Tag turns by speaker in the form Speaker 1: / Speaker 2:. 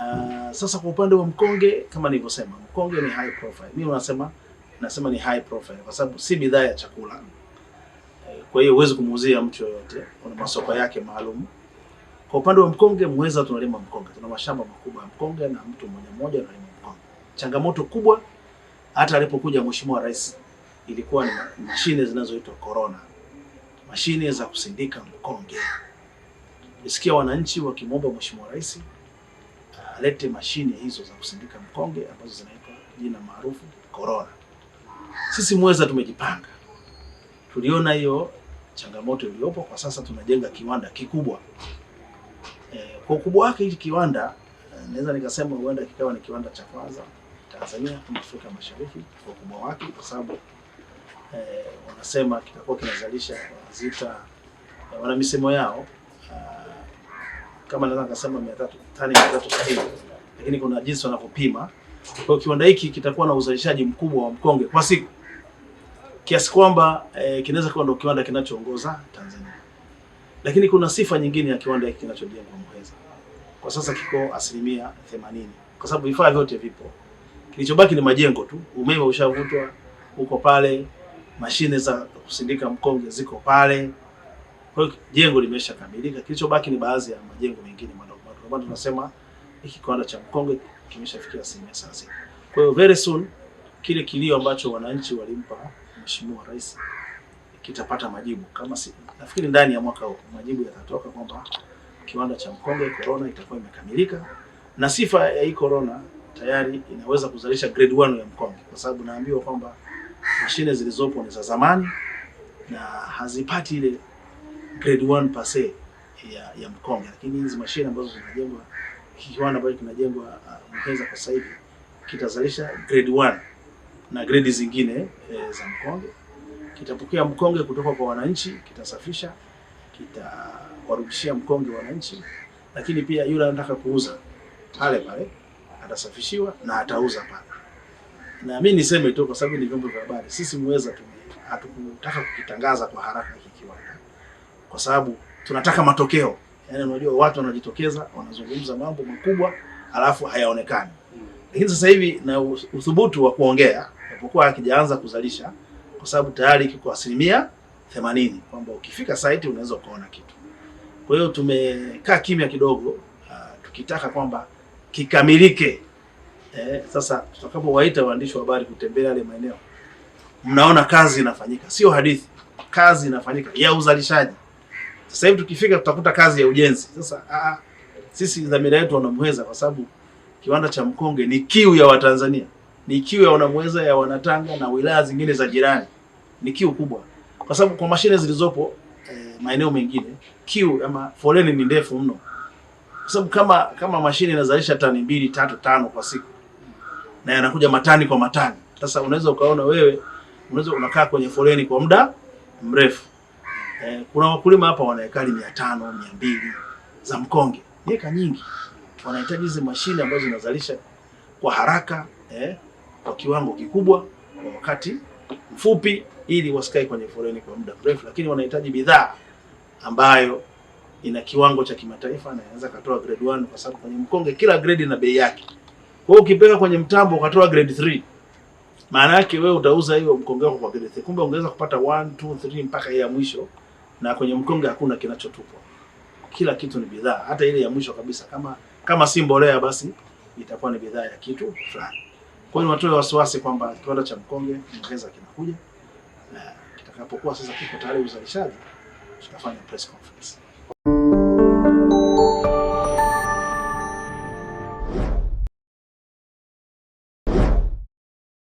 Speaker 1: Ah, sasa kwa upande wa mkonge kama nilivyosema, mkonge ni high profile. Mimi unasema nasema ni high profile kwa sababu si bidhaa ya chakula. Eh, kwa hiyo huwezi kumuuzia mtu yoyote, una masoko yake maalum. Kwa upande wa mkonge, Muheza tunalima mkonge, tuna mashamba makubwa ya mkonge na mtu mmoja mmoja analima mkonge. Changamoto kubwa hata alipokuja Mheshimiwa Rais ilikuwa ni mashine zinazoitwa corona, mashine za kusindika mkonge. Nisikia wananchi wakimwomba Mheshimiwa Rais alete mashine hizo za kusindika mkonge ambazo zinaitwa jina maarufu Corona. Sisi Mweza tumejipanga, tuliona hiyo changamoto iliyopo kwa sasa. Tunajenga kiwanda kikubwa. E, kwa ukubwa wake hiki kiwanda eh, naweza nikasema huenda kikawa ni kiwanda cha kwanza Tanzania kama Afrika Mashariki kwa ukubwa wake, kwa sababu e, wanasema kitakuwa kinazalisha wanazita, wana misemo yao kama naweza nikasema mia tatu tani mia tatu sahihi, lakini kuna jinsi wanavyopima. Kwa hiyo kiwanda hiki kitakuwa na uzalishaji mkubwa wa mkonge kwa siku kiasi kwamba eh, kinaweza kuwa ndio kiwanda kinachoongoza Tanzania. Lakini kuna sifa nyingine ya kiwanda hiki kinachojengwa Muheza, kwa sasa kiko asilimia themanini kwa sababu vifaa vyote vipo, kilichobaki ni majengo tu. Umeme ushavutwa huko pale, mashine za kusindika mkonge ziko pale. Kwa hiyo jengo limeshakamilika, kilichobaki ni baadhi ya majengo mengine madogo madogo, ambayo tunasema hiki kiwanda cha mkonge kimeshafikia asilimia thelathini. Kwa hiyo very soon kile kilio ambacho wananchi walimpa Mheshimiwa Rais kitapata majibu kama si, nafikiri ndani ya mwaka huu majibu yatatoka kwamba kiwanda cha mkonge Corona itakuwa imekamilika, na sifa ya hii Corona tayari inaweza kuzalisha grade 1 ya mkonge, kwa sababu naambiwa kwamba mashine zilizopo ni za zamani na hazipati ile grade 1 passe ya, ya mkonge, lakini hizi mashine ambazo zinajengwa, kiwanda ambacho kinajengwa uh, Mheza kwa sasa hivi kitazalisha grade 1 na grade zingine e, za mkonge. Kitapokea mkonge kutoka kwa wananchi, kitasafisha, kitawarudishia mkonge wananchi, lakini pia yule anataka kuuza pale pale atasafishiwa na atauza pale. Na mimi niseme tu, kwa sababu ni vyombo vya habari, sisi Muheza hatukutaka kukitangaza kwa haraka hiki kiwanda kwa sababu tunataka matokeo. Yaani unajua watu wanajitokeza wanazungumza mambo makubwa alafu hayaonekani. Lakini sasa hivi na uthubutu wa kuongea japokuwa akijaanza kuzalisha kwa sababu tayari kiko asilimia themanini kwamba ukifika site unaweza ukaona kitu. Kwa hiyo tumekaa kimya kidogo uh, tukitaka kwamba kikamilike. Eh, sasa tutakapowaita waandishi wa habari kutembelea yale maeneo, mnaona kazi inafanyika, sio hadithi. Kazi inafanyika ya uzalishaji. Sasa hivi tukifika tutakuta kazi ya ujenzi. Sasa aa, ah, ah, sisi dhamira yetu Wanamweza, kwa sababu kiwanda cha mkonge ni kiu ya Watanzania, ni kiu ya Wanamweza, ya Wanatanga na wilaya zingine za jirani, ni kiu kubwa, kwa sababu kwa mashine zilizopo eh, maeneo mengine kiu ama foleni ni ndefu mno, kwa sababu kama kama mashine inazalisha tani mbili tatu tano kwa siku na yanakuja matani kwa matani. Sasa unaweza ukaona wewe unaweza unakaa kwenye foleni kwa muda mrefu eh, kuna wakulima hapa wana ekari mia tano mia mbili za mkonge, eka nyingi, wanahitaji hizi mashine ambazo zinazalisha kwa haraka eh, kwa kiwango kikubwa kwa wakati mfupi, ili wasikae kwenye foleni kwa muda mrefu, lakini wanahitaji bidhaa ambayo ina kiwango cha kimataifa na inaweza katoa grade 1 kwa sababu kwenye mkonge kila grade ina bei yake. Kwa hiyo ukipeka kwenye mtambo ukatoa grade 3, maana yake wewe utauza hiyo mkonge wako kwa grade 3. Kumbe ungeweza kupata 1 2 3 mpaka ya mwisho na kwenye mkonge hakuna kinachotupwa, kila kitu ni bidhaa. Hata ile ya mwisho kabisa, kama kama si mbolea, basi itakuwa ni bidhaa ya kitu fulani. Kwa hiyo watoe wasiwasi kwamba kiwanda cha mkonge Mwingereza kinakuja, na kitakapokuwa sasa kiko tayari uzalishaji, tutafanya press conference.